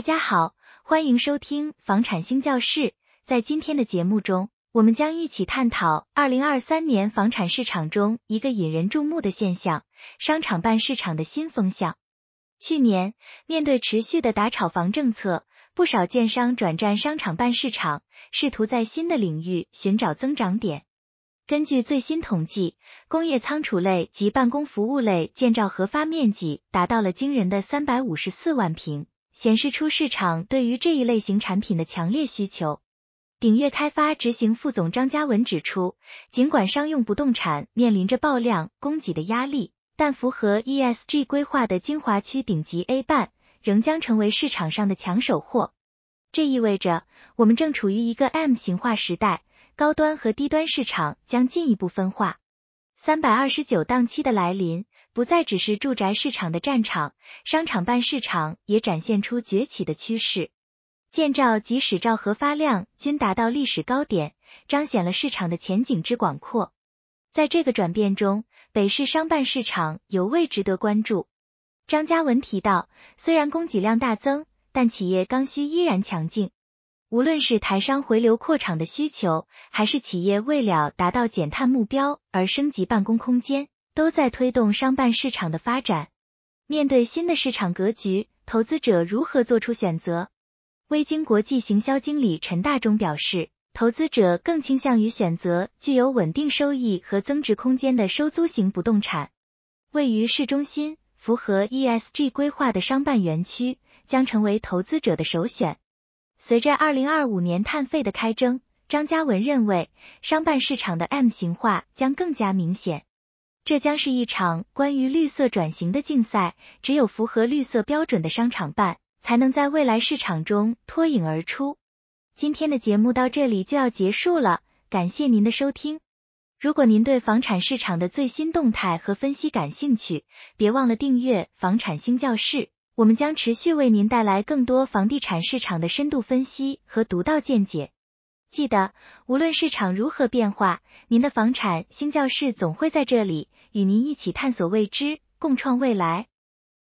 大家好，歡迎收聽房產星叫室。在今天的節目中，我們將一起探討二零二三年房產市場中一個引人注目的現象——商廠辦市場的新風向。去年，面對持續的打炒房政策，不少建商轉戰商廠辦市場，試圖在新的領域尋找增長點。根據最新統計，工業倉儲類及辦公服務類建照核發面積達到了驚人的三百五十四萬平。顯示出市場對於這一類型產品的強烈需求。鼎越開發執行副總張嘉文指出，儘管商用不動產面臨着爆量供給的壓力，但符合 ESG 規劃的精華區頂級 A 辦仍將成為市場上的搶手貨。這意味着我們正處於一個 M 型化時代，高端和低端市場將進一步分化。三百二十九檔期的來臨。不再只是住宅市場的戰場，商廠辦市場也展現出崛起的趨勢。建照及使照核發量均達到歷史高點，彰顯了市場的前景之廣闊。在這個轉變中，北市商辦市場尤為值得關注。張嘉文提到，雖然供給量大增，但企業剛需依然強勁。無論是台商回流擴廠的需求，還是企業為了達到減碳目標而升級辦公空間。都在推動商辦市場的發展。面對新的市場格局，投資者如何做出選擇？微鯨國際行銷經理陳大中表示，投資者更傾向於選擇具有穩定收益和增值空間的收租型不動產。位於市中心、符合 ESG 規劃的商辦園區將成為投資者的首選。隨着二零二五年碳費的開徵，張嘉文認為商辦市場的 M 型化將更加明顯。這將是一場關於綠色轉型的競賽，只有符合綠色標準的商廠辦才能在未來市場中脫穎而出。今天的節目到這裡就要結束了，感謝您的收聽。如果您對房產市場的最新動態和分析感興趣，別忘了訂閱房產星叫室，我們將持續為您帶來更多房地產市場的深度分析和獨到見解。記得，無論市場如何變化，您的房產星叫室總會在這裡，與您一起探索未知，共創未來。